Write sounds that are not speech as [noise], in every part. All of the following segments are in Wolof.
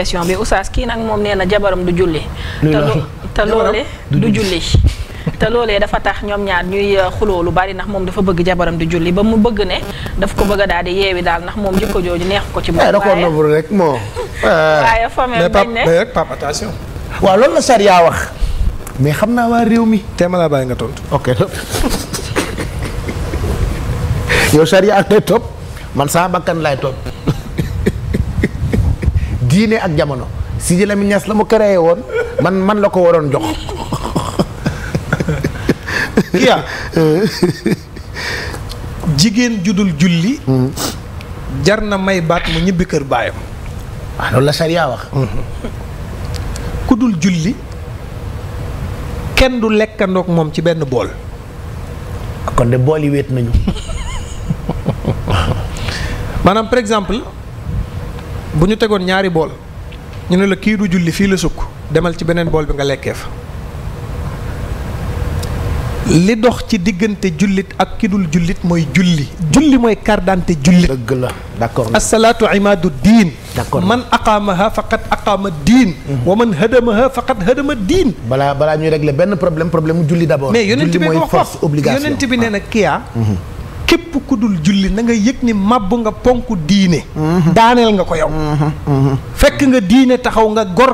question bi oustaz kii nag moom neena jabaram du julli te loole du julli te loolee dafa tax ñoom ñaar ñuy euh, xuloo lu bari ndax moom dafa bëgg jabaram du julli ba mu bëgg ne daf ko bëgg a daal di yeewi daal ndax moom jikko jooju neexu ko ci moom eh, da moo [laughs] waaye eh, famille dañ ne rek pap attention waaw loolu wax mais xam naa waa réew mi teema laa bàyyi nga tontu ok [laughs] yow sariya ak topp man saa bakkan laay topp [laughs] diine ak jamono Sidi Lamine Niass la mu créé woon man man la ko waroon jox kiya jigéen judul julli hmm. jar na may baat mu ñibbi kër baayam waaw ah, loolu la sariya wax hmm. ku dul julli kenn du lekkandoog moom ci benn bool kon de bool yi wéet nañu maanaam par exemple bu ñu tegoon ñaari bool ñu ne la kii julli fii la sukk demal ci beneen bool bi nga lekkee fa li dox ci diggante jullit ak ki jullit mooy julli julli mooy kardante jullit dëgg la d'accord assalaatu imaadu diin d'accord man aqaamaha faqat aqaama diin mhm. wa man hadamaha faqat hadama diin balaa balaa ñuy régler benn problème problème julli d'abord mais yonent bi wax wax yonent bi nee na ah. kiyaa mhm. képp ku dul julli na nga yëg ni màbb nga ponk diine mhm. daaneel nga ko yow mhm. Mhm. fekk nga diine taxaw nga gor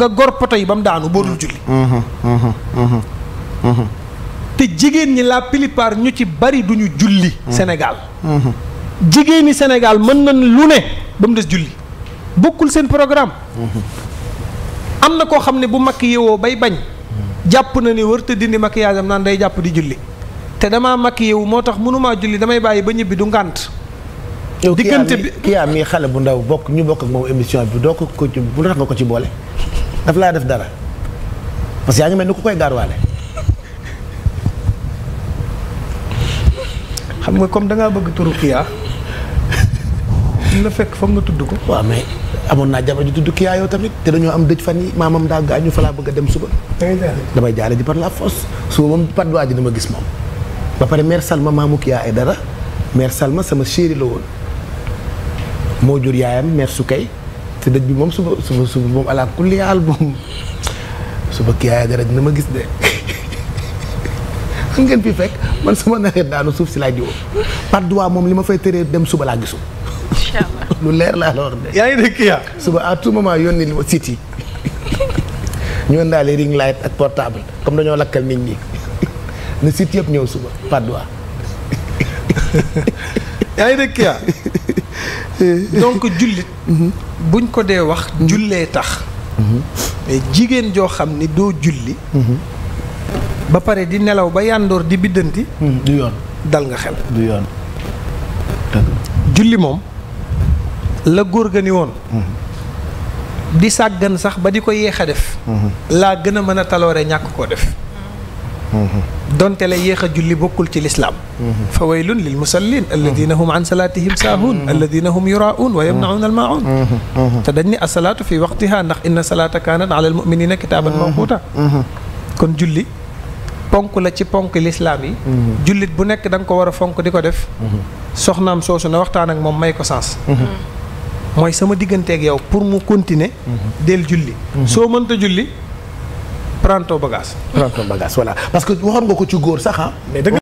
nga gor poto yi ba mu daanu boo dul julli te jigéen ñi la plupart ñu ci bari duñu julli Sénégal jigéen ñi mën nañ lu ne ba mu des julli bokkul seen programme am na koo xam ne bu makk yewoo bay bañ jàpp na ni wër te dindi maquillage am naan day jàpp di julli te damaa mag yow moo tax mënumaa julli damay bàyyi ba ñibbi du ngànt yow bi kii yaa mii xale bu ndaw bokk ñu bokk ak moom émission bi doo ko ko ci bu tax nga ko ci boole daf laa def dara parce que yaa ngi mel ni ku koy gaarwaale xam nga comme dangaa bëgg turu kiyaa la fekk foog nga tudd ko waaw mais amoon naa jabar ju tudd yow tamit te dañoo am dëj fan yi maamam daa gaañu fa laa bëgg a dem suba damay jaale ji par la force suba moom par doit ji dama gis moom ba pare mère Salma maamu kii ay dara mère Salma sama chéri la woon moo jur yaayam mère Sukay te dëj bi moom suba su suba moom ala kulli haal moom suba kii ay dara dina ma gis de xam ngeen fi fekk man su ma naree daanu suuf si laay diwoo par droit moom li ma fay tëree dem suba laa gisu incha allah [laughs] lu leer laa la war de. yaa ngi dégg kii suba à tout moment yónni li ma site yi [laughs] ñu daal ring light ak portable comme dañoo lakkal nit ñi. na site yëpp ñëw suba Padois. [laughs] yaa ngi dégg Kia [laughs] donc jullit. Mhm. buñ ko dee wax mhm. jullee tax. Mhm. jigéen joo xam ni doo julli. ba pare di nelaw ba yàndoor di biddanti. du yoon dal nga xel. yoon. julli moom la góor ga ni woon. di sàggan sax ba di ko yéex a def. laa gën a mën a taloore ñàkk koo def. donte la yéex a julli bokkul ci lislaam fa waylun lil musallin alladina hum an salaatihim saahuun alladina hum yuraauun wa yamnaauun almaaun te dañ ni asalaatu fi waqtiha ndax inna salaata kaanat ala almuminina kitaaban la ci ponk lislaam yi jullit bu nekk da ko war a fonk di ko def soxnaam soosu na waxtaan ak moom may ko sens mooy sama digganteeg yow pour mu continuer del julli soo mënta julli prends ton bagage. prends ton bagage voilà parce que waxoon nga ko ci góor sax ah.